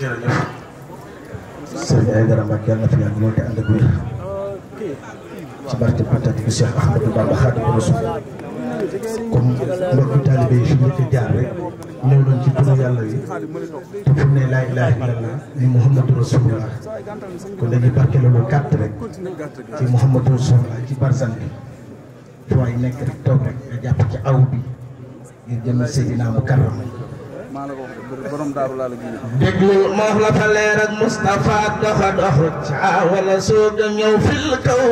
jërëjëf Serigne Aïdara Mbacke yàlla na fi yàgg lool te ànd ak wér ci barke bu tedd bi Cheikh Ahmadou Bamba Khadimu Rasul comme mbokk taalibe yi fi ñu fi jaar rek ñëw doon ci turu yàlla yi te fu ne laa ilaaha illallah ni Muhammadu kon dañuy barke loolu gàtt rek ci Muhammadu Rasulullah ci barzan bi fu nekk rek toog rek nga jàpp ci aw bi ngir jëmee Seydina Mukarram maa la ko wax borom daaru laa la ji déglu moo la fa leer ak Moustapha doxa dox ca wala suub da ñëw fil kaw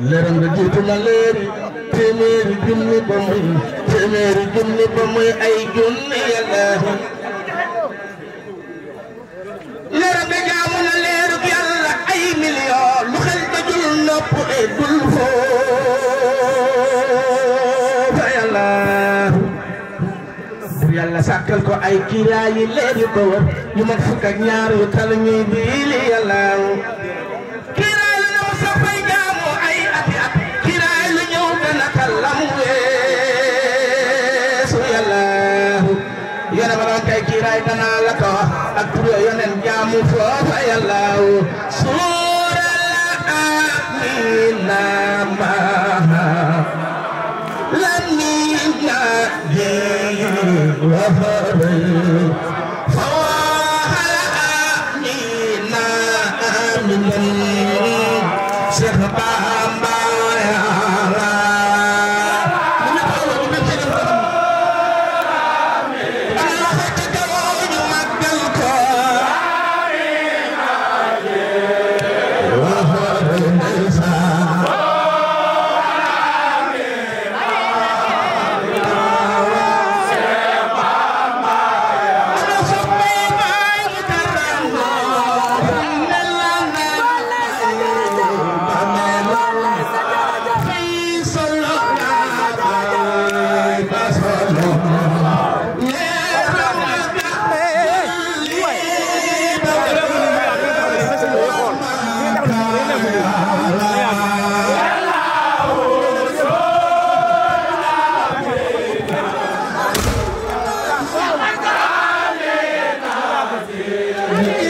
leeram nga jiitu na leeri téeméeri junni ba muy téeméeri junni ba muy ay junni yàlla leeram nga jaamu na leerug yàlla ay million lu xel dajul nopp e dul foofa yàlla bur yàlla sàkkal ko ay kiraayi leeri ba wër yu mat fukk ak ñaar yu tal ñuy biili yàlla yàllaahu yéen a ba doon tey kii daay danaa la ko wax ak turu yoneen jaamu foofa yàllaahu suura la amina maha lamina jëyee wafaray Amen. Yeah.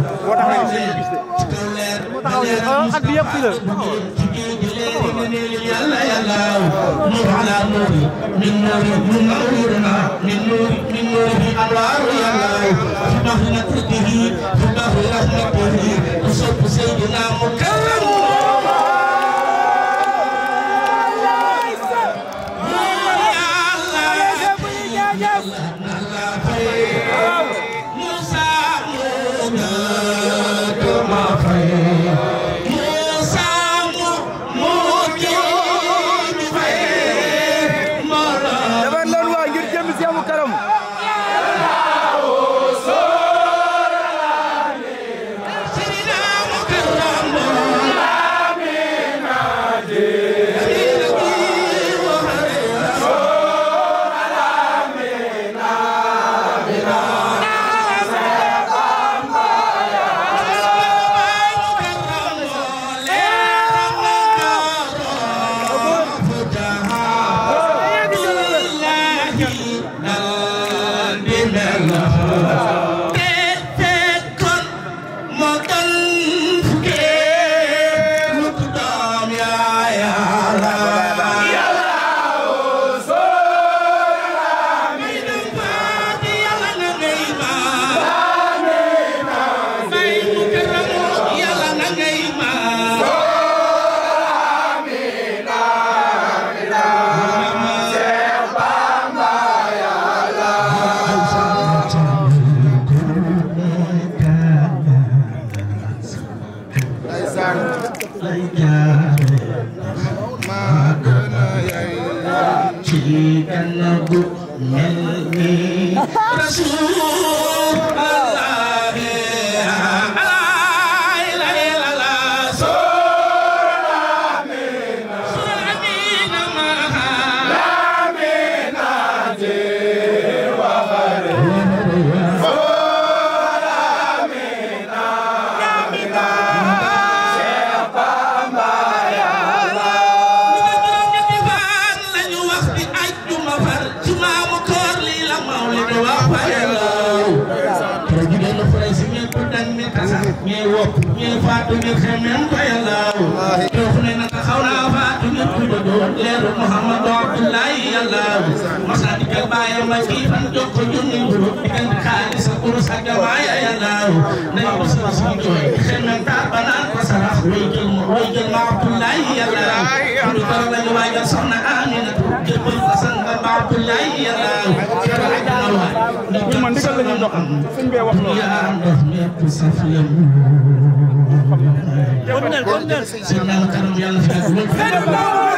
moo tax ñu gis gis de moo taxaw ne at bi yëpp fii la yàlla yàlla nur ala nur min nur min nurina min nur min nur abrar yàlla fi करम ay jaare maa gën a yey ci kanamu mel ni Rasuul ñee wopp ñee faatu ngir xemmeem ko yàlla doofu ne naka xaw naa faatu ngir tuba doon leeru Muhammadu Abdullahi yàlla masa di ka bàyyi ma kii fan jox ko junni buru diggante xaalis sa kuru sa jamaaya yàlla nañu ko sa suñu jooy xemmeem taar ba naan ko sarax way jël ma way jël ma Abdullahi yàlla kuru dara lañu waajal soxna Aminatu jëbbal ko sang ba Abdullahi yàlla ñun man ndigal la ñuy dox suñ bee wax loolu. comme nen comme nen.